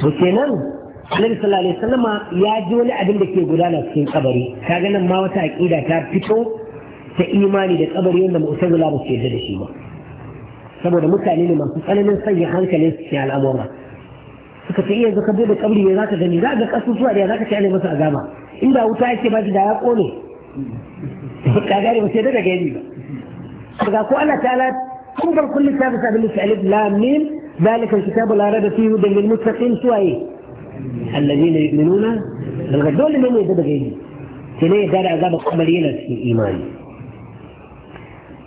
to kenan annabi sallallahu alaihi wasallama ya ji wani abin da ke gudana cikin kabari kaga nan ma wata aqida ta fito ta imani da kabari wanda mu'tazila ba su yarda da shi ba saboda mutane ne masu tsananin sanya hankalin su al'amura suka ce eh, yanzu ka bude kabari ne zaka gani za ga zuwa da zaka ci ana masa azama inda wuta yake ba da ya kone ka ne ba sai daga gani ba daga ko Allah ta'ala kun bar kullu sabu sabu alif lam mim ذلك الكتاب لا ريب فيه هدى للمتقين سوى ايه؟ الذين يؤمنون بالغيب دول من يدد غيبي سنه دار عذاب قبلينا في الايمان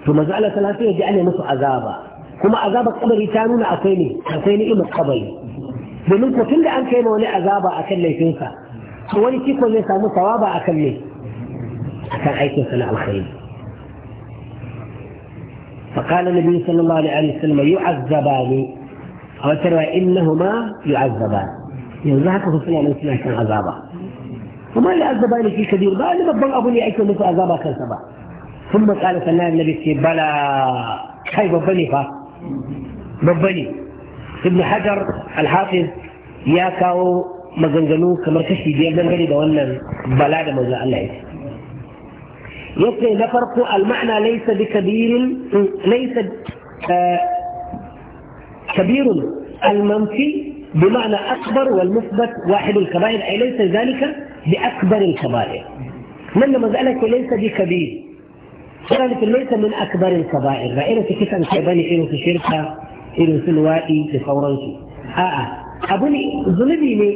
ثم مسألة ثلاثية جعلنا نصف عذابا كما عذاب القبر تانون أكيني أكيني إما القبر domin كل tun da an kai ma wani azaba a kan laifinsa to wani ciko zai samu sawaba a kan ne فقال النبي صلى الله عليه وسلم يعذبان أو ترى إنهما يعذبان يزاحك في سنة نسيان كان عذابا اللي يعذبان في كبير قال لما بل أبني أيك ونسى عذابا كان سبا ثم قال سنة النبي سي بلا خيب ببني فا ببني ابن حجر الحافظ يا كاو مزنجلو كمركشي دي ابن غريبة وانا بلا دمزا الله يسي يسي فرق المعنى ليس بكبير ليس آه، كبير المنفي بمعنى أكبر والمثبت واحد الكبائر أي ليس ذلك بأكبر الكبائر لما ذلك ليس بكبير ذلك ليس من أكبر الكبائر رأينا في كتاب كباني إنه في شركة إنه في الوائي في فورانسي آآ آه، آه. أبوني ظلمي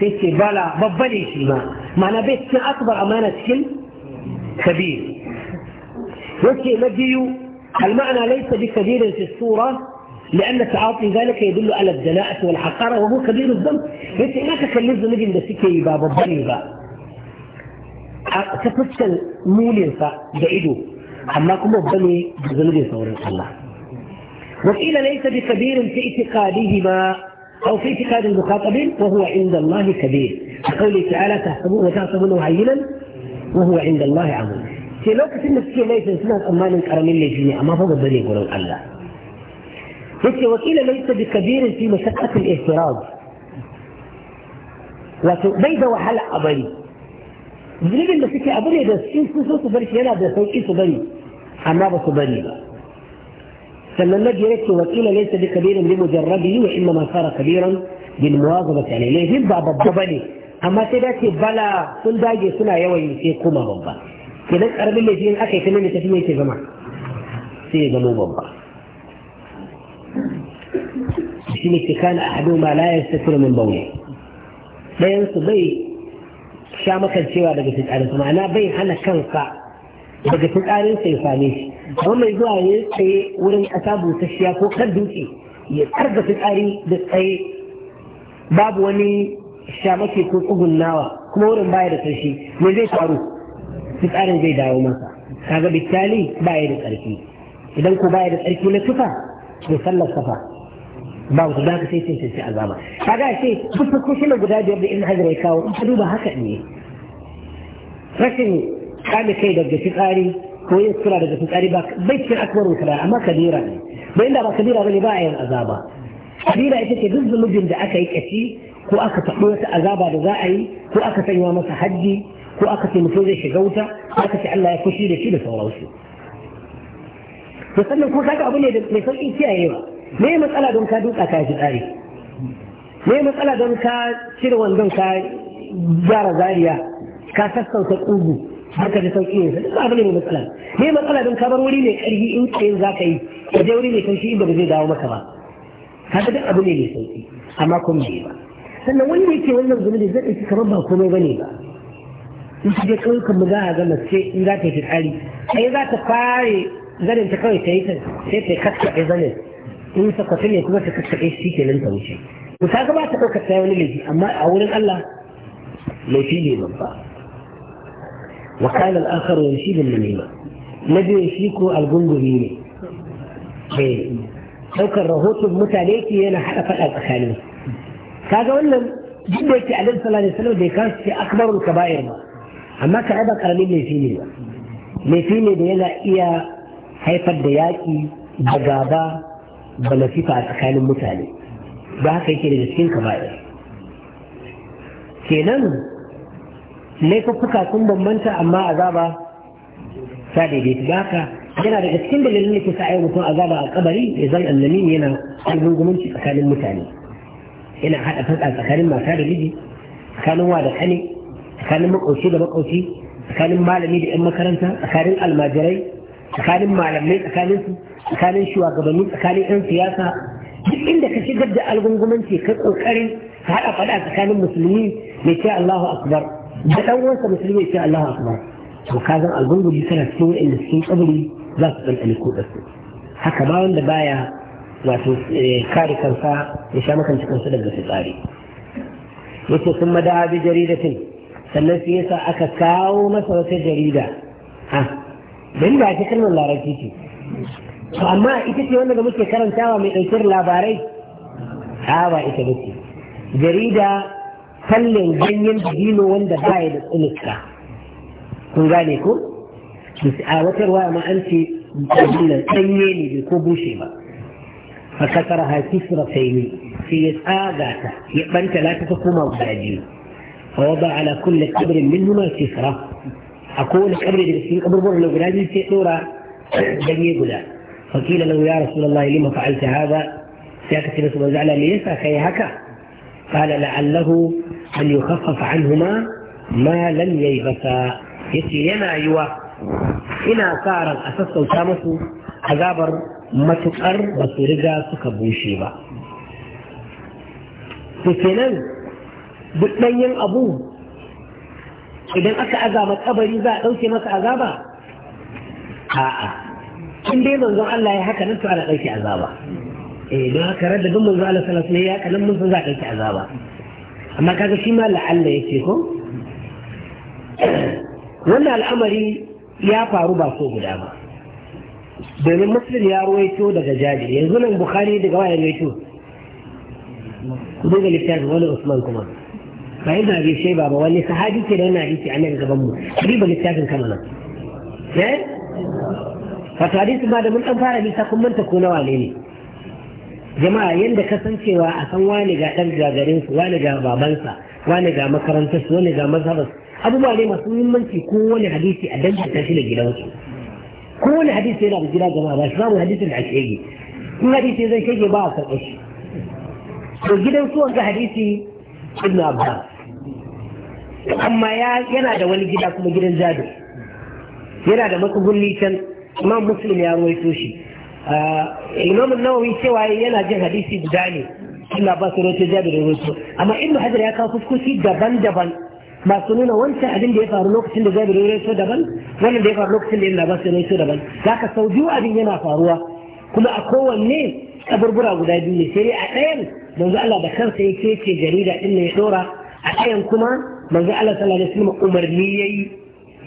ne sai بلا bala babba معنى بيت ma ma'ana bai cikin akbar amana cikin المعنى ليس بكبير في الصورة لأن تعاطي ذلك يدل على الدناءة والحقارة وهو كبير الذنب بس ما ka نجي نسيك da suke yi تفصل مولي فا بعيدو fuskar كم da بزنجي amma الله وقيل ليس بكبير في اعتقادهما أو في اعتقاد المخاطبين وهو عند الله كبير قوله تعالى تحسبون وتحسبونه هينا وهو عند الله عظيم في لوكة النفسية ليس سنة أمان كرمين لجميع ما فضل بني يقولون الله لكن وكيل ليس بكبير في مشقة الاهتراض لكن بيضة وحلق أبري بلغي المسيكة أبري بس شين سوسو سبري شينا بسو إيه سبري عمابة سبري فلما نجي ريك وكيل ليس بكبير لمجرده وإنما صار كبيرا بالمواظبة عليه ليه يبقى بالضبني أما تباتي بلا سنداجي سنا يوي يسيقوما بالضبط كذلك أربي اللي فيه الأكي كمان يتفيني في جمع في جمع بالضبط shi ke kana a hadu ma la ya safira min bauli ɗayansu bai sha cewa daga su, ma'ana bai hana kansa daga fitsarinsa ya same shi amma mai zuwa ya tsaye wurin ƙasa busasshiya ko kan dutse ya karga fitsari da tsaye babu wani shamake ko tsugunnawa kuma wurin baya da ƙarshe me zai faru fitsarin zai dawo masa kaga bittali baya da ƙarfi idan ko baya da tsarki na tufa to sallar safa babu su zaka sai sai sai azaba kaga ce fuskokin na guda biyar da in hajar ya kawo in ka duba haka ne rashin kame kai daga fitsari ko yin sura daga fitsari ba bai cikin akbarun kira amma kabira ne bai inda ba kabira bane ba a yin azaba kabira ita ce duk zunubin da aka yi kashi ko aka faɗo wata azaba da za a yi ko aka sanya masa hajji ko aka ce mutum zai shiga wuta ko aka ce Allah ya fushi da shi da sauransu to sannan ko kaga abu ne da mai sauƙin kiyayewa me matsala don ka duka ka ji tsari me matsala don ka cire wandon ka gyara zariya ka sassauta ƙugu haka da sauƙi yanzu duk abu ne mai matsala me matsala don ka bar wuri mai ƙarfi in tsayin za ka yi ka je wuri mai kanshi inda ba zai dawo maka ba haka duk abu ne mai sauƙi amma kuma bai ba sannan ne yake wannan zunubi zai ɗauki kamar ba komai ba ne ba in ka je ƙauyukan mu za a ga mace in za ta yi fitsari sai za ta fare zanen ta kawai ta yi ta sai ta yi kaskaɗe zanen. in suka sanya kuma ta kakkaɓe shi ke nan ta wuce ku ta ga ba ta ɗaukar ta wani laifi amma a wurin Allah laifi ne babba wa kana al-akharu yashibul namima na biyu shi ko algungumi ne eh, ɗaukar rahoton mutane ke yana haɗa faɗa tsakanin kaga wannan duk da yake alaihi sallallahu alaihi wasallam bai kasu ce akbarul kaba'ir ba amma ka ba karamin laifi ne ba laifi ne da yana iya haifar da yaƙi da gaba ga masifa a tsakanin mutane ba haka yake daga cikin kaba'ir kenan laifuffuka sun bambanta amma azaba ta daidaita ba haka yana daga cikin dalilin da ke sa ayyukan mutum azaba a kabari ya zan yana algun gumunci tsakanin mutane yana haɗa fasa tsakanin mata da miji tsakanin wa da kane tsakanin makoci da makoci tsakanin malami da 'yan makaranta tsakanin almajirai tsakanin malamai tsakanin su tsakanin shugabanni tsakanin yan siyasa duk inda ka shigar da algungumanci ka kokarin ka haɗa faɗa tsakanin musulmi mai ce Allahu akbar da ɗan uwansa musulmi mai ce Allahu akbar to ka zan algungumi tana cikin wa'anda cikin kabari za su ɗanɗani kuɗarsu haka ba wanda baya wato eh, kare kansa ya sha makanci kansa daga fitsari yace sun mada bi jaridatin sannan sai yasa aka kawo masa wata jarida ha ah, don ba ta kalmar larabci ce to amma ita ce wanda muke karantawa mai ɗaukar labarai a ba ita ba ce jarida kallon ganyen dino wanda ba ya da tsunuka kun gane ko a wata ruwa ma an ce ɗanye ne bai ko bushe ba a kasar hakisra faini sai ya tsaga ta ya ɓanta lata ta koma guda biyu a wada ala kulli kabrin min huma kisra أقول أبري بسي أبر بره لو قلاني في صورة جنية قلا فقيل له يا رسول الله لما فعلت هذا سيأتك رسول الله زعل ليسا هكا قال لعله أن يخفف عنهما ما لم ييبسا يسي لما أيوة إنا صار الأساس وكامس أغابر ما تقر بطرقة سكبوشي با بسنان بطنين أبوه idan aka azaba kabari za a ɗauke masa azaba a'a in dai manzon Allah ya haka nan to ana ɗauke azaba eh don haka radda duk manzon Allah sallallahu alaihi wasallam ya haka nan mun san za a ɗauke azaba amma kaga shi ma la'alla yake ko wannan al'amari ya faru ba so guda ba domin muslim ya ruwaito daga jabi yanzu nan bukhari daga wayan ruwaito daga littafin wani usman kuma ba ibn bi sai ba wani sahabi ke da wannan hadisi a nan gaban mu riba littafin kama nan eh wato hadisi ma da mun dan fara ta kun manta ko nawa ne ne jama'a yanda kasancewa a san wani ga dan gagarin su wani ga babansa wani ga makarantar su wani ga mazhabar abubuwa ne masu muhimmanci ko wani hadisi a danganta shi da gidansu ko wani hadisi yana da gida jama'a ba shi samu hadisin da a shege in hadisi zai shege ba a karɓar shi to gidan suwan ga hadisi ibn abbas amma yana da wani gida kuma gidan jado yana da matsugunni can imam muslim ya ruwaito shi ah, imam nawawi cewa yana jin hadisi guda ne Allah ba su rote jado da roto amma ibnu hajar ya kawo fuskoki daban-daban masu nuna wancan abin da ya faru lokacin da jado ya roto daban wannan da ya faru lokacin da ba su ya roto daban zaka sau biyu abin yana faruwa kuma a kowanne kaburbura guda biyu ne sai a ɗayan yanzu Allah da kansa ya kece jarida ɗin ne ya ɗora a ɗayan kuma manzo Allah sallallahu alaihi wasallam umarni yayi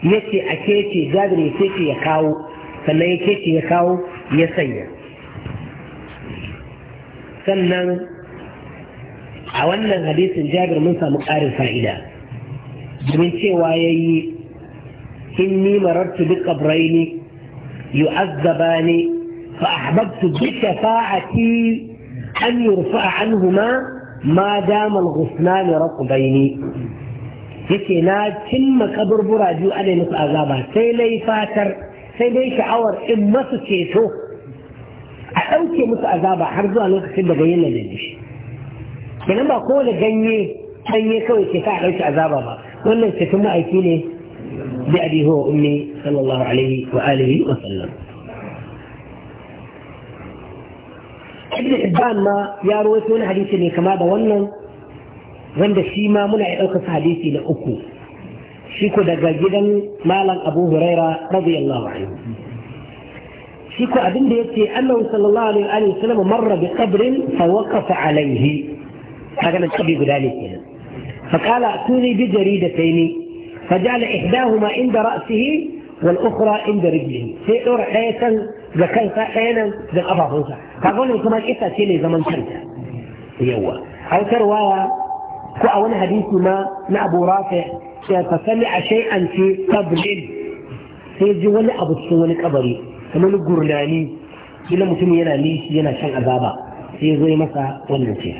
yace a kece jabir ya kece ya kawo sannan ya kece ya kawo ya sanya sannan a wannan hadisin jabir mun samu ƙarin fa'ida domin cewa yayi inni marartu bi qabraini yu'azzabani fa ahbabtu bi shafa'ati an yurfa'a anhuma ma dama al-ghuslan raqbaini yake na cimma kaburbura biyu ana musu azaba sai dai fatar sai dai sha'awar in masu ceto a ɗauke musu azaba har zuwa lokacin da bayyana da shi kenan ba kowane ganye ganye kawai ke sa a ɗauke azaba ba wannan ceton ma'aiki ne bi abi huwa ummi sallallahu alaihi wa alihi wa sallam ibn ibban ma ya rawaito wani hadisi ne kama da wannan wanda shi ma muna ya ɗaukar hadisi na uku shi ko daga gidan malam abu huraira radiyallahu anhu shi ko abin da yake annabi sallallahu alaihi wa sallam marra bi qabrin fa waqafa alaihi kaga nan kabi guda ne kenan fa qala tuni bi jaridatayn fa ja'ala ihdahuma inda ra'sihi wal ukhra inda rijlihi sai dora ɗaya kan da kansa ɗaya nan da kafafunsa kaga wannan kuma kisa ce ne zaman kanta yawa waya ko a wani hadisi ma na abu rafi ya fasali a shay'an fi qabrin sai ji wani abu cikin wani kabari kamar gurnani kila mutum yana nishi yana shan azaba sai ya zo masa wannan ce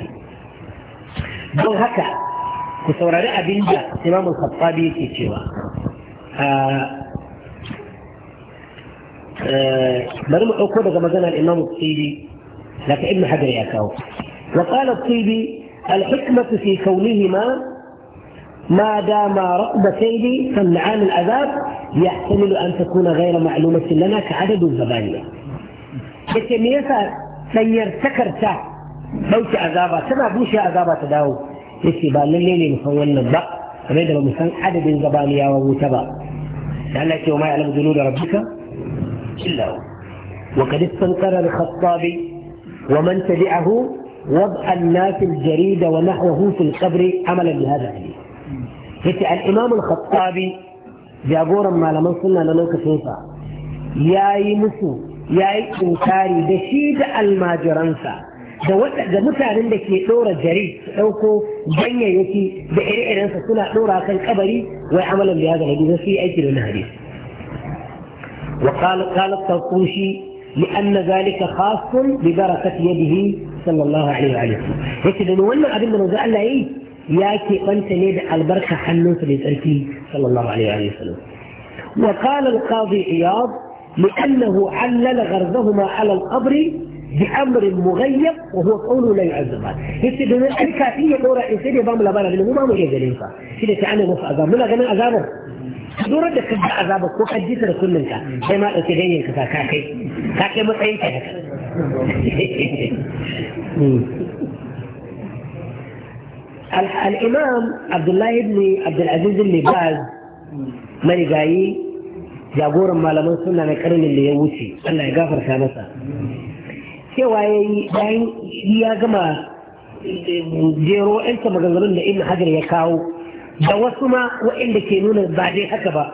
don haka ku saurari abin da imamu khattabi yake cewa bari mu ɗauko daga maganar imamu tsiri daga ibn hajar ya kawo وقال الطيبي الحكمة في كونهما ما دام رقبتين فالنعام ا ل يحتمل أن تكون غير معلومة لنا كعدد ز لكن يسأل ن من يرتكر ت ه موت أ ذ بوش أ ذ ا ب ا تداو يسيبا للليل مخول للضع عدد المسلم عدد ز ب ا ن لانك وما يعلم ذنوب ربك إلا هو وقد استنكر الخطاب ومن تبعه وضع الناس الجريدة ونحوه في القبر عملا بهذا الحديث يتي الإمام الخطابي جاغورا ما لمن صلنا لنوك سوطا ياي مسو ياي إنكاري دشيد الماجرانسا da da mutanen da ke ɗora jari su ɗauko ganyayyaki da ire-irensa suna ɗora kan kabari wai amalan da ya ga hadisi sai aiki da wannan hadisi wa qala qala tarqushi li anna zalika khassun bi barakati yadihi صلى الله عليه sallam هيك domin wannan abin da manzo Allah yayi ya keɓanta ne da albarka hannunsa mai tsarki sallallahu alaihi wa sallam wa qala al لأنه علل غرزهما على القبر بأمر مغيب وهو قول لا يعذبان يصير دون الكافية دورة إنسان يبام لبانا لأنه ما مغيب لنفا سيدة تعني نفع أزام من أغنى أزامه دورة دكتب أزامك وقد لكل منك كما أتغيين كفا كاكي كاكي مطعين الإمام عبد الله بن عبد العزيز بن marigayi jagoran malaman suna na karnin da ya wuce Allah ya gafarta masa cewa ya yi ya gama eh, jero yanka maganganun da ina hajar ya kawo da wasu ma waɗanda ke nuna ba dai haka ba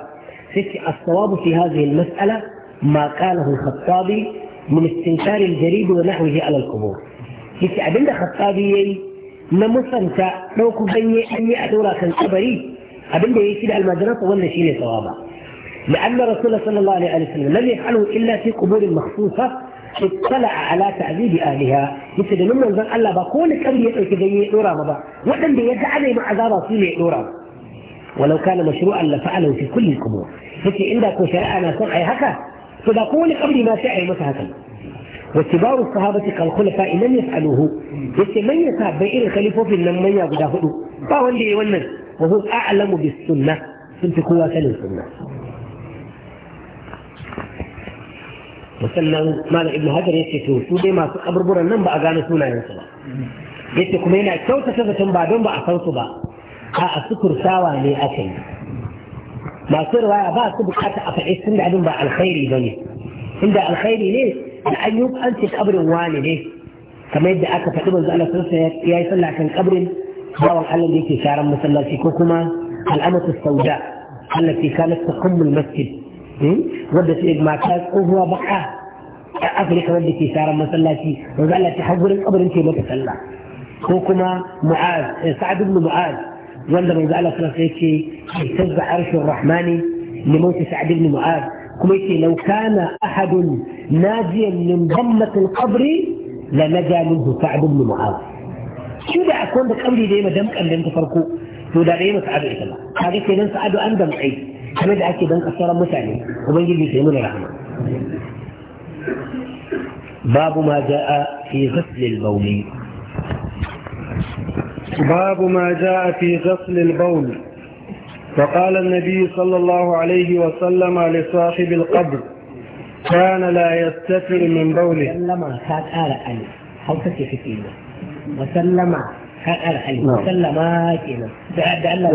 sai ce as-sawabu fi hadhihi al-mas'ala ma qalahu al-khattabi من استنكار الجريد ونحوه على القبور yace abin da khattabi yayi na musanta ɗauku ganye an yi a ɗora kan kabari abin da ya لأن رسول صلى الله عليه وسلم لم يفعله إلا في قبور مخصوصة اطلع على تعذيب أهلها مثل لما منزل الله بقول كم يدعوك زي يدورا مبا وأن يدعى مع عذاب رسول يدورا ولو كان مشروعا لفعله في كل القبور مثل عندك شرعنا صنعي هكا فبقول قبل ما شاء مثلا واتبار الصحابة كالخلفاء لم يفعلوه بس من يصاب بين الخليفة في النمية قد فهو اللي يونس وهو أعلم بالسنة سنت قوة للسنة وسنة مال ابن هجر يتكتو سودي ما أبر بورا نمبا أغانا سونا ينصبا يتكو مينا كوتا كذا تنبا دنبا أصوصبا أصكر ساواني أكيد ما يصير ويا باس بكات أفعيس إن إيه؟ بعدين بقى الخير يبني إن الخير ليه الأيوب أنت قبر واني ليه كما يدي أكا فقبل زألة يا يصلى عشان قبر هو الحل اللي في شارم مثلا في كوكما الأمة السوداء التي كانت تقم المسجد ودت إجماع إيه؟ كاس وهو بقى أفريقا ودت في شارم مثلا في وزألة حجر القبر أنت ما كوكما معاذ سعد بن معاذ يندم على فلسطيكي تزع عرش الرحمن لموت سعد بن معاذ كويتي لو كان احد ناجيا من ضمة القبر لنجا منه سعد بن معاذ شو بقى كون ده قبلي ما دمك اللي انت فرقو تو ده ريما سعد ايتما هذيك اللي انت سعد اندم اي انا ده اكيد انت صار مثالي وبنجي لي سيمون الرحمن باب ما جاء في غسل البولي باب ما جاء في غسل البول فقال النبي صلى الله عليه وسلم لصاحب القبر كان لا يستفر من بوله سلم هات آل علي أو تكفينا وسلم هات آل علي نعم. وسلم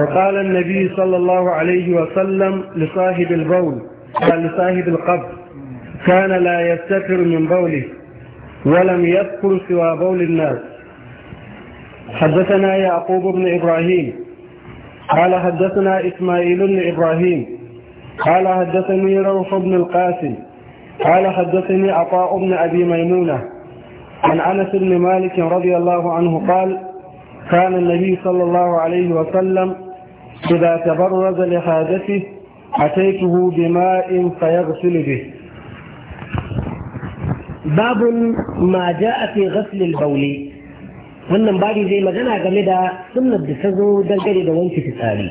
وقال النبي صلى الله عليه وسلم لصاحب البول قال لصاحب القبر كان لا يستفر من بوله ولم يذكر سوى بول الناس حدثنا يعقوب بن إبراهيم قال حدثنا إسماعيل بن إبراهيم قال حدثني روح بن القاسم قال حدثني عطاء بن أبي ميمونة عن أنس بن مالك رضي الله عنه قال كان النبي صلى الله عليه وسلم إذا تبرز لحاجته أتيته بماء فيغسل به باب ما جاء في غسل البول wannan bari zai magana game da sunnar da ta zo dangane da wanke fitsari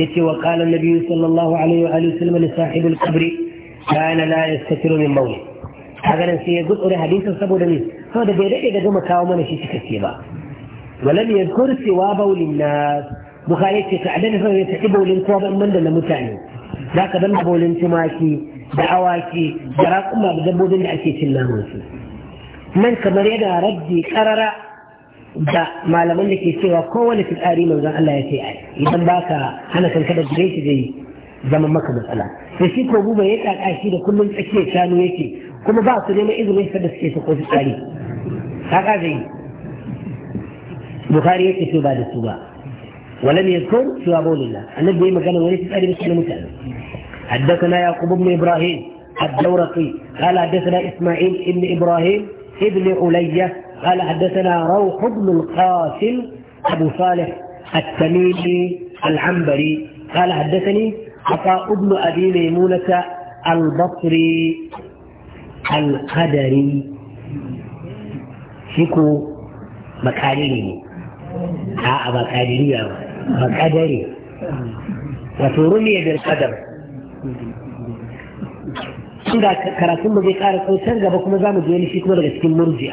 ya ce wa kalan nabi sallallahu alaihi wa sallam li sahibul qabri kana la yastatiru min mawl haka nan sai ya gutsure hadisin saboda ne saboda bai dade da gama kawo mana shi cikakke ba walam yadhkur siwa bawlin nas bukhari ce ta adana sai ya tafi bawlin kowa ban banda na mutane zaka dan bawlin tumaki da awaki da raƙuma da dabbobin da ake cin namansu nan kamar yana raddi karara da malaman da ke cewa kowane fitsari manzon Allah ya ce ai idan baka hana kanka da jire shi zai zama maka matsala sai shi ko buba ya kaka shi da kullum tsakiyar shanu yake kuma ba su neman izinin sa da suke sako fitsari kaka zai Bukhari yake ce ba da su ba ولم يذكر سوى بول الله النبي ما قال وليس تسألي بس المتعلم حدثنا يعقوب بن إبراهيم الدورقي قال حدثنا إسماعيل بن إبراهيم ابن علية قال حدثنا روح بن القاسم أبو صالح التميمي العنبري قال حدثني عطاء بن أبي ميمونة البصري القدري شكو مكاريني ها آه، مكاريني مكادري وترمي بالقدر inda karatun ba قارك kara بكم gaba kuma شكو mu je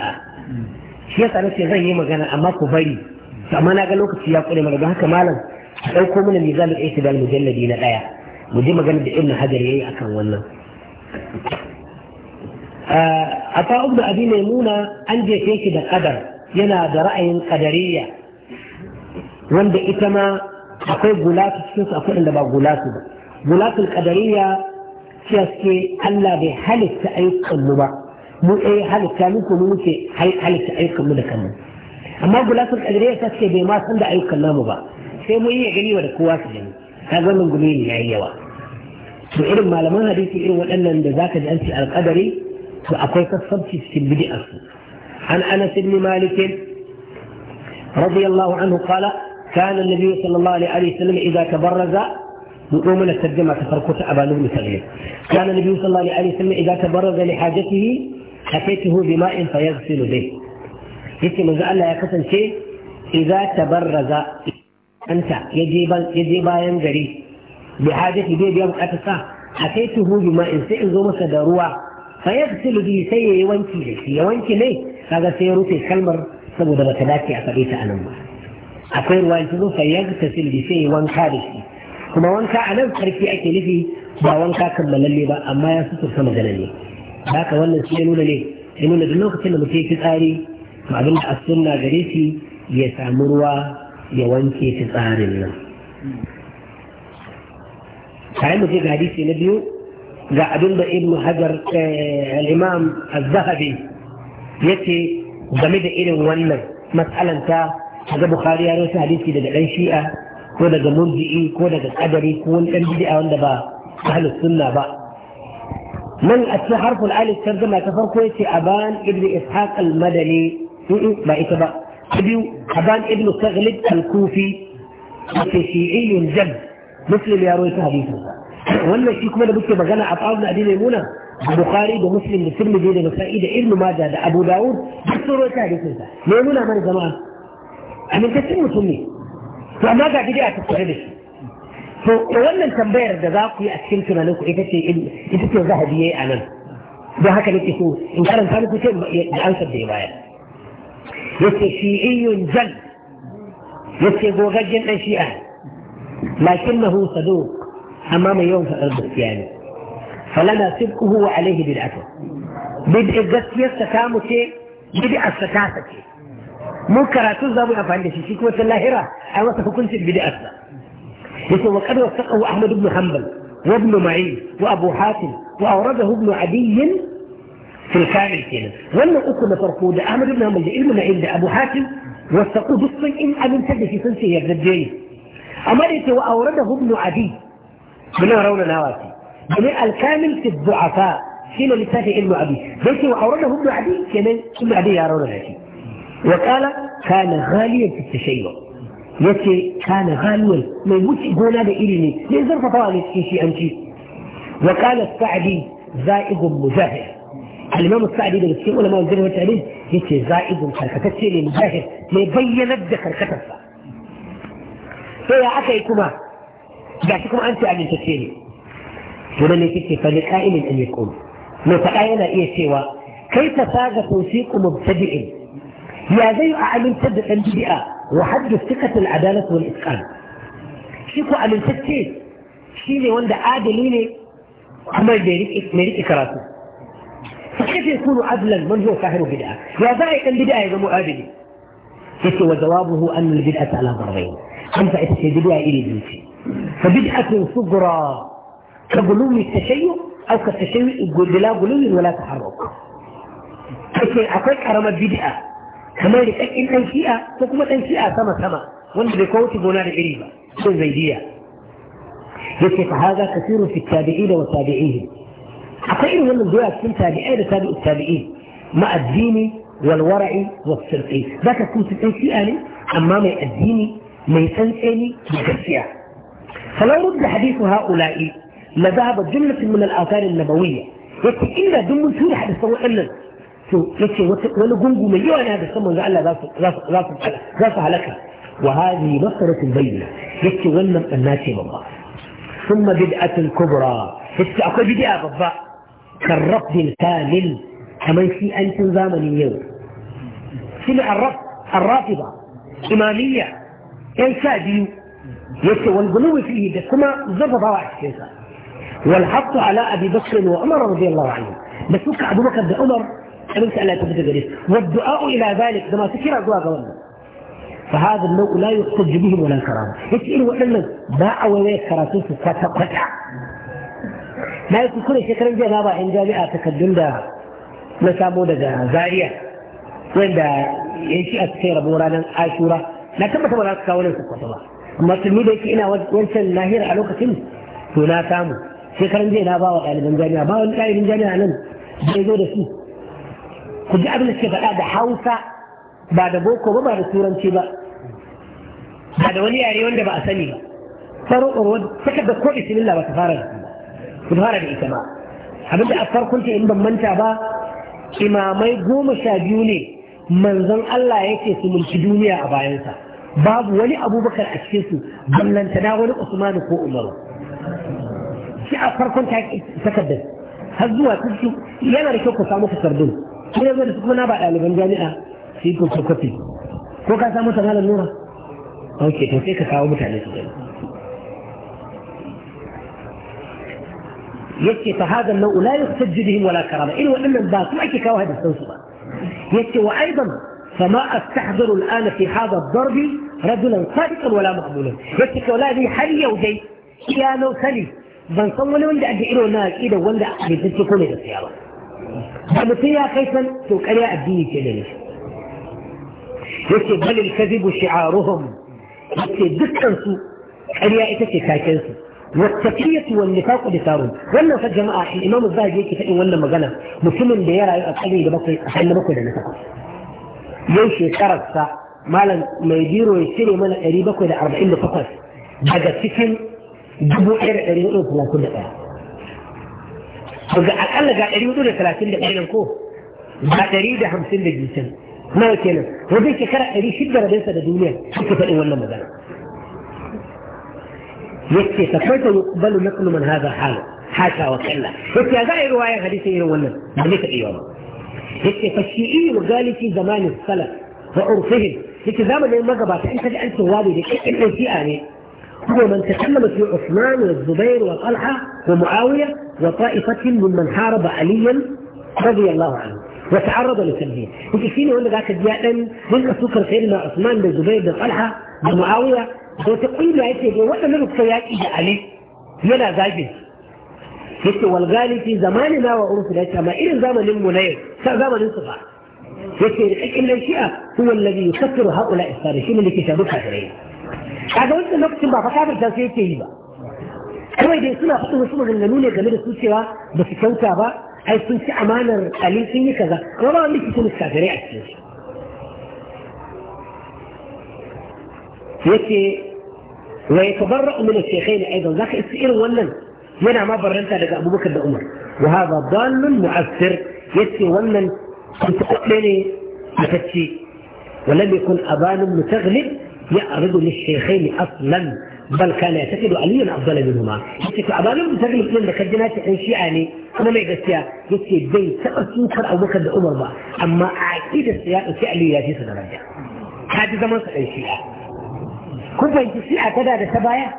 shi yasa nace zan yi magana amma ku bari amma na ga lokaci ya kure mana don haka malam a ɗauko mana mizanul itidal mujalladi na ɗaya mu ji magana da ibnu hajar yayi akan wannan a ah, ta ibnu abi maimuna an jefe shi da kadar yana da ra'ayin qadariyya wanda ita ma akwai gulatu cikin su akwai da ba gulatu ba gulatul qadariyya shi suke Allah bai halitta ayyukan mu ba mu eh halitta muku mu muke halitta ayyukan mu da kanmu amma gulatul qadariyya ta ce bai ma san da ayyukan namu ba sai mu iya gani wa da kowa su gani ka ga nan gumi ne yayi yawa to irin malaman hadisi irin waɗannan da zaka ji an ce alqadari to akwai kasabci cikin bid'a su an anas ibn malik radiyallahu anhu qala كان النبي صلى الله عليه وسلم إذا تبرز نقوم نترجمها تفرقت أبا نبي كان النبي صلى الله عليه وسلم إذا تبرز لحاجته kafetuhu bima'in fa yaghsilu bih yace manzo Allah ya kasance idza tabarraza anta yaje yaje bayan gari bi hajati bai biya bukatarsa kafetuhu bima'in sai in zo masa da ruwa fa yaghsilu bi sai yayi wanki da shi ya wanki ne kaga sai ya rufe kalmar saboda bata dace a faɗe ta anan ba akwai ruwa yanzu zo fa yaghsilu bi sai wanka da shi kuma wanka a nan karfi ake nufi ba wanka kammalalle ba amma ya suturta magana ne haka wannan shi ya nuna ne ya nuna da lokacin da mutum ya fitsari to abin da asunna gare shi ya samu ruwa ya wanke fitsarin nan tare mu ga hadisi na biyu ga abin da ibn hajar eh, al-imam az-zahabi yace game da irin wannan matsalan ta ga bukhari ya rawaita hadisi daga dan shi'a ko daga murji'i ko daga Ƙadari, ko wani dan bid'a wanda ba ahlus sunna ba من أتي حرف الآلي ترجمة تفرقه في أبان ابن إسحاق المدني إيه، إيه، ما إتبع إيه أبان ابن تغلب الكوفي في شيعي جد مسلم يا يروي حديثه ولا شيء كمان بس بجانا أبعادنا دين المونة البخاري ومسلم مسلم دين المسائل ابن ماجه دا أبو داود بس روي حديثه ليمونة من زمان أنا كتير مسلم فما قاعد يجي أتفرقه to wannan tambayar da za ku yi a cikin tunanin ku ita ce ita ce zahabi yayi a nan don haka nake so in karanta muku ce da ansar da ya bayar yace shi'iyyun jal yace gogaggen dan shi'a lakin lakinnahu saduq amma mai yawan faɗar gaskiya ne falana sirkuhu wa alaihi bid'atu bid'a gaskiyarsa ta mu ce bid'arsa ta sace mun karatu za mu amfani da shi shi kuma ta lahira a masa hukuncin bid'arsa يقول وقد وثقه أحمد بن حنبل وابن معين وأبو حاتم وأورده ابن عدي في الكامل كده ولا أكو نفرقه أحمد بن حنبل ابن معين أبو حاتم وثقوه بصن إن أبن سد في سنسه يا ابن الجيل أمرت وأورده ابن عدي من يرون نواتي جميع الكامل في الضعفاء شيل لسافي ابن عدي بيت وأورده ابن عدي كمان ابن عدي يرون نواتي وقال كان غاليا في التشيع ya kana halwal mai wuce gona da iri ne zai zarfafawa ne cikin ci wa kana sa'adi za'igun mujahid al-imam sa'adi daga cikin ulama wa jirgin tare ya ce za'igun karkatacce ne mujahid mai bayyanar da karkatarsa to ya aka yi kuma ga shi kuma an ce amintacce ne to ne kike fa li qa'imin an yaqul mai faɗa yana iya cewa kai ta saga tawsiqu mubtadi'in ya zai a amintar da ɗan bid'a وحد ثقة العدالة والإتقان شيء قوة من ستي شيء اللي وند عادليني وما يديك مريك كراسي فكيف يكون عدلا من هو فاهم بدعة يا كان بدعة يا مؤابدي فكي وجوابه أن البدعة على ضربين خمسة استجدوا إلى جنسي فبدعة صغرى كقلوم التشيع أو كالتشيع قلوم ولا تحرك فكي أقول كرم البدعة kamar rikakken ɗan shi'a ko kuma ɗan shi'a sama sama wanda bai kawo na da iri ba sun zaidiya yake fa haza kasirun fi tabi'i da wa tabi'ihi akwai irin wannan zuwa cikin tabi'ai da tabi'u tabi'i ma addini wal wara'i wa sirri zaka kun ci ɗan shi'a ne amma mai addini mai tsantseni da gaskiya falau rudda hadithu ha'ula'i la dhahaba jumlatun min al-athar an-nabawiyya yake inda dun mun tura hadisan waɗannan yace wani gungu mai yawa ne da saman za Allah za su halaka وهذه مسألة بينة يكي ظلم أن ناتي بابا ثم بدعة الكبرى يكي أقول بدعة بابا كالرفض الكامل كما في أنت زامن يوم سمع الرب الرافضة إمامية إنسا ديو يكي والبنو فيه ده كما زفى ضواعش كيسا والحط على أبي بكر وعمر رضي الله عنه بس وكا أبو بكر ده عمر abin sa Allah ya tabbata gare su wa du'a ila zalik da masu kira zuwa ga wannan fa hadha al-nau' la yuhtaj bihi wala karam irin waɗannan ba a waye karatu su kwata kwata na yi kuskure shekaran jiya na ba in jami'a takaddun da na samo daga zaria wanda ya yi a cikin rabon ranar ashura na tabbata ba za su kawo ne ba amma tun da yake ina wancan lahira a lokacin to na samu shekaran jiya na ba wa ɗaliban jami'a ba wani ɗalibin jami'a nan da zo da su ku ji abin da suke faɗa da hausa ba da boko ba ba da turanci ba ba da wani yare wanda ba a sani ba tsaro tsaro saka da ko bismillah ba ta fara da ku fara da ita ba Abinda a farkon ta in ban manta ba imamai goma sha biyu ne manzon Allah ya ce su mulki duniya a bayansa babu wani abubakar a cikin su ballantana wani usman ko umaru shi a farkon ta saka da har zuwa yana da kyau ku samu takardun sai yanzu da kuma na ba ɗaliban jami'a su yi kofi ko ka samu ta malam nura ok to sai ka kawo mutane su gani yake fa hada nau'u la yustajji bihim wala karama irin waɗannan ba kuma ake kawo hadisan su ba yake wa aidan فما استحضر الان في هذا الضرب رجلا صادقا ولا مقبولا يتك ولا دي حالي وجاي يا لو سلي بنصور ولا عندي ايرو ناس اذا ولا عندي تكون السياره da mutum ya kai san to ƙarya addini ke da shi yake balil kadhibu shi'aruhum yake dukkan su ƙarya ita ce kaken su والتقية والنفاق لسارون wannan fa jama'a imam zahabi yake faɗin wannan magana mutumin da ya rayu a ƙarni da bakwai a da bakwai da na takwas yau shekararsa malam mai biro ya cire mana ɗari bakwai da arba'in da takwas daga cikin dubu ɗaya da ɗari hudu da talatin da ɗaya ga akalla ga ɗari hudu da talatin da ɗaya ko ba ɗari da hamsin da biyu nawa kenan wajen shekara ɗari shidda rabinsa da duniya suke faɗin wannan magana yace ta kai ta yuqbalu naqlu man hadha hal haka wa kalla yace ya za a yi ruwayan hadisi irin wannan ba ne kaɗai ba yace fa shi'i wa galifi zamanin salaf wa urfihim yace zamanin magabata in ka ji an ce wani da ƙiƙin ɗan shi'a ne هو من تكلم في عثمان والزبير وطلحة ومعاوية وطائفة ممن من حارب عليا رضي الله عنه وتعرض للتنهيد انت فين يقول لك يا ابن من اسوك الخير مع عثمان طلحه بن معاويه وتقول له يا سيدي وانا من الصياد اجى علي يلا زايبي يقول والغالي في زماننا وعروف الاسلام ما الى زمن المنير صار زمن الصفا يقول لك ان هو الذي يكفر هؤلاء الصالحين اللي كتبوا حجرين kaga wancan lokacin ba fa kafirta sai yake yi ba kawai dai suna faɗin wasu maganganu ne game da su cewa ba su kyauta ba ai sun ci amanar ali sun yi kaza amma ba wanda ke kuma kafirai a cikin su yake wa yatabarra'u min ash-shaykhayn aidan zaka isa irin wannan yana ma barranta daga Abubakar da Umar wa hadha dallun mu'assir yace wannan kun ne a tacce ولم يكن أبان متغلب يعرض للشيخين أصلا بل كان يعتقد عليا أفضل منهما حتى أبا لم تغلب من بكدنات أن شيعاني يعني، أنا ما قلت يقول بين سبب سوكر أو بكر أمر ما أما عقيده السياء فعلي يا جيسة درجة هذا زمان سأل شيعة كنت أنت شيعة كذا هذا سبايا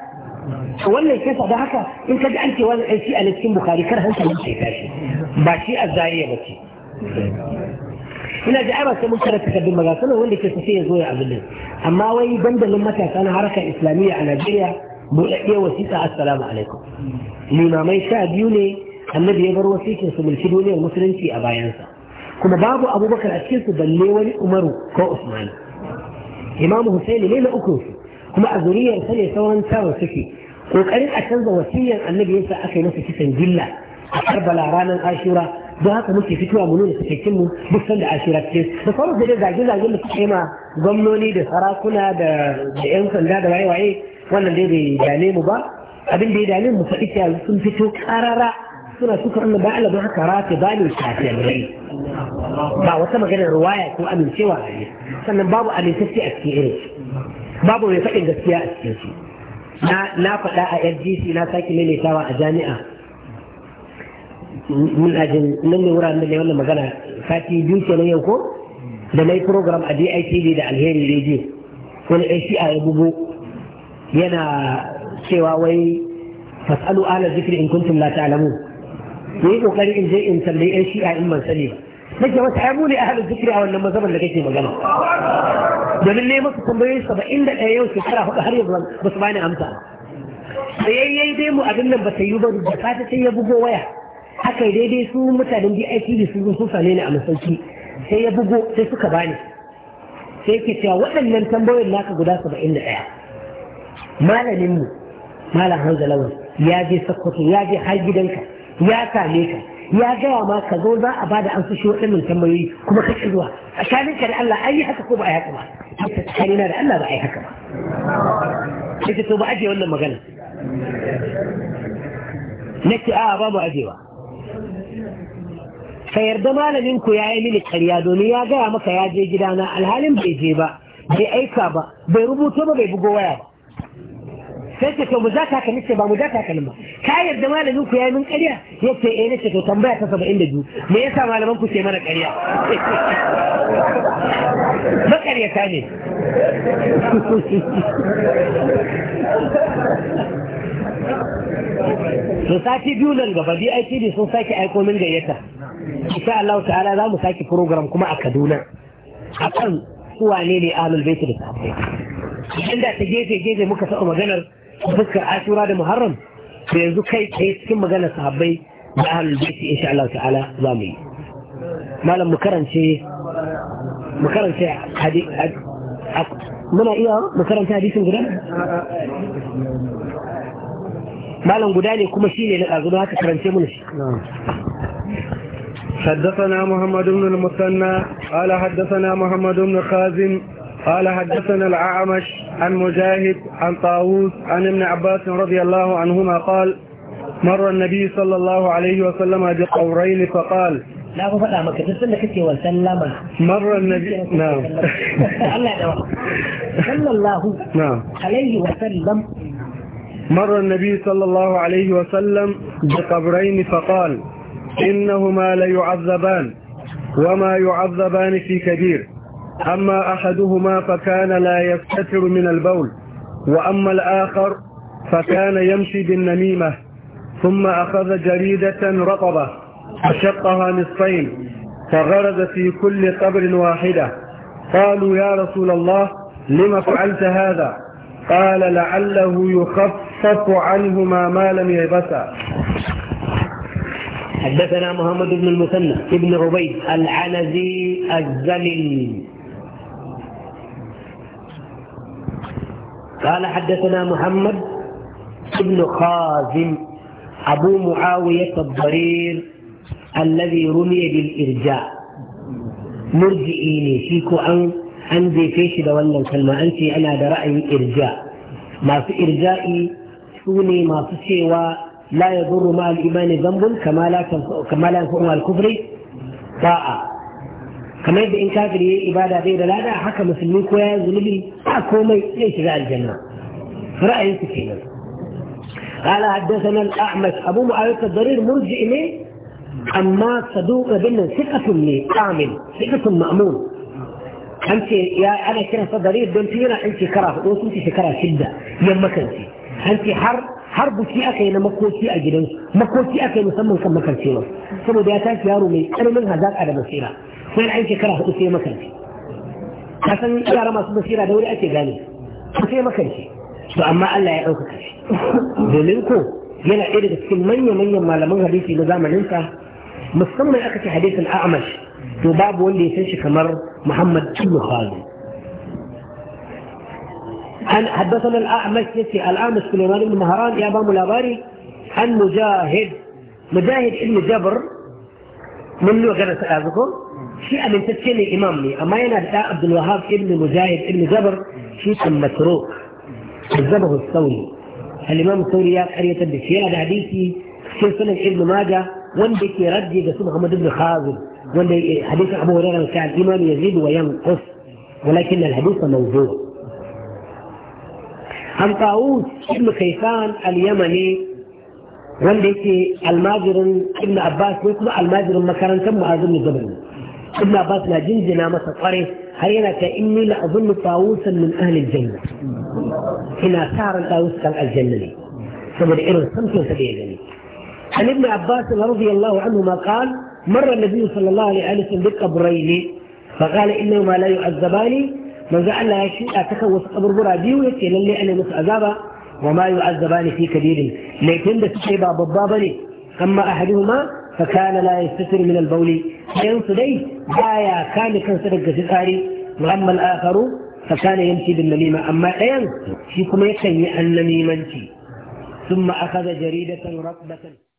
ولا كيف faɗa haka انت ka ji an ce wani ɗan shi'a na cikin bukari kar hankali sai ina ji ai ba sai mun karanta takardun ba sanin wanda ke sai ya zo ya abin nan amma wai dandalin matasa na harkar islamiyya a Najeriya buɗaɗɗe wasiƙa assalamu alaikum limamai sha biyu ne annabi ya bar wasiƙin su mulki duniyar musulunci a bayansa kuma babu abubakar a cikin su balle wani umaru ko usman imamu husaini ne na uku kuma a zuriyar sa ne sauran tawon suke kokarin a canza wasiyar annabi yasa aka yi masa kisan gilla a karbala ranar ashura don haka muke fitowa mu nuna takaicin mu duk sanda ashira ce da sauran da zage zage da suke ma gwamnoni da sarakuna da yan sanda da waye waye wannan dai bai dame mu ba abin da ya dame mu faɗi cewa sun fito karara suna suka wannan ba Allah don haka rafi ba ne kafirai ba wata maganar ruwaya ko amincewa a ne sannan babu amintacce a cikin irin babu mai faɗin gaskiya a cikin su na faɗa a FGC na sake maimaitawa a jami'a mun ajin nan ne wuraren da wannan magana sati biyu ke na yau ko da na yi program a DITV da alheri radio wani ACI ya bugo yana cewa wai fasalu ala zikri in kuntum la ta'lamun ni kokari in je in tambayi ACI in ban sani ba nake wata ai mu ne ahlul zikri a wannan mazabar da kake magana domin ne masu tambayoyi saba'in da ɗaya yau shekara hudu har yanzu ba su bani amsa ba tsayayyai dai mu abin nan ba ta yi ba da fata sai ya bugo waya haka daidai su mutanen aiki DITV su sun same ni a masauki sai ya bugo sai suka bani sai ke cewa waɗannan tambayoyin naka guda saba'in da ɗaya malamin mu malam Hamza Lawan ya je Sokoto ya je har gidanka ya same ka ya gaya ma ka zo za a bada an fushi waɗannan tambayoyi kuma ka zuwa a ka da Allah an yi haka ko ba a yi haka ba haka tsakanina da Allah ba a yi haka ba sai ke to ba ajiye wannan magana nake a ba mu ajewa ka yarda malamin ku ya yi mini karya domin ya gaya maka ya je gidana alhalin bai je ba bai aika ba bai rubuto ba bai bugo waya ba sai ce to mu za ka kalli ce ba mu za ka kalli ba ka yarda malamin ku ya yi min karya ya ce eh nace to tambaya ta saba da biyu me yasa malaman ku ce mana karya ta ne to sati biyu nan gaba DITD sun sake aiko min gayyata insha Allah ta'ala za mu sake program kuma a Kaduna A akan kuwa ne ne ahlul bait da sahabbai inda ta gefe gefe muka taɓa maganar fuskar Ashura da Muharram to yanzu kai tsaye cikin maganar sahabbai da ahlul bait insha Allah ta'ala za mu yi malam mu karance mu karance muna iya mu karanta hadisin guda مالا قداني كما شيني shine na ɗazu حدثنا محمد بن المثنى قال حدثنا محمد بن خازم قال حدثنا الأعمش عن مجاهد عن طاووس عن ابن عباس رضي الله عنهما قال مر النبي صلى الله عليه وسلم بقورين فقال لا أبو فتح مكة تسلم كتي وسلم مر النبي نعم صلى الله نعم. عليه وسلم مر النبي صلى الله عليه وسلم بقبرين فقال إنهما ليعذبان وما يعذبان في كبير أما أحدهما فكان لا يستتر من البول وأما الآخر فكان يمشي بالنميمة ثم أخذ جريدة رطبة فشقها نصفين فغرز في كل قبر واحدة قالوا يا رسول الله لم فعلت هذا قال لعله يخف يخفف عنهما ما لم يلبسا حدثنا محمد بن المثنى ابن عبيد العنزي الزمن قال حدثنا محمد بن خازم أبو معاوية الضرير الذي رمي بالإرجاء مرجئيني فيكو أن أنزي فيش دولنا كلمة أنت أنا برأي إرجاء ما في إرجائي سوني ما تشيوى لا يضر مع الإيمان ذنب كما لا كما لا ينفع مع الكفر طاعة كما يبدأ إن كافر إبادة غير لا لا في مسلمين كويا ذنبي أكومي ليش ذا الجنة رأيك كينا قال حدثنا الأعمش أبو معاوية الضرير مرجع إليه أما صدوق بنا ثقة لي آمن ثقة مأمون أنت يا أنا كنا صدرير دون فينا أنت كره وأنت كره شدة يمك أنت an har har buki aka yi na makoci a gidansu makoci aka yi musamman kan makarcewa saboda ya tashi yaro mai karamin hazaka da basira sai an aiki kara hudu sai makarci ka san yara masu basira da wuri ake gane sai makarci to amma Allah ya ɗaukaka shi domin ko yana ɗaya daga cikin manya-manyan malaman hadisi na sa musamman aka ce hadisin a'amash to babu wanda ya san shi kamar Muhammad Ibn Khalid عن حدثنا الأعمش نسي الأعمش سليمان بن مهران يا أبام الأباري عن مجاهد مجاهد ابن جبر من له جلس أعزكم شيء من تسكيني إمامي أما ينا عبد الوهاب ابن مجاهد ابن جبر شيء مسروق كذبه الثوري الإمام الثوري يا قرية بسياد حديثي سلسلة ابن ماجه wanda ردي raddi محمد بن Muhammad ibn حديث أبو hadisin كان Hurairah يزيد وينقص ولكن الحديث موجود عن طاووس ابن خيسان اليمني وندي الماجر ابن عباس يقول الماجر ما كان تم اظن زبل ابن عباس لا جنزنا ما تقري هينا كاني لاظن طاووسا من اهل الجنه هنا سار طاووس كان الجنني ثم الارض سمت سبيلني عن ابن عباس رضي الله عنهما قال مر النبي صلى الله عليه وسلم بقبرين فقال انهما لا يعذبان manzo Allah ya shuɗa ta kan wasu kaburbura biyu yace lallai ana musu azaba wa ma yu'azzabani fi kabirin laifin da suke ba babba ne. amma ahaduhuma fa kana la yastatir min al-bawl su dai baya kame kansa daga fitsari wa amma al-akharu fa kana yamshi bin namima amma ɗayan shi kuma yakan yi annamimanci ثم أخذ جريدة رطبة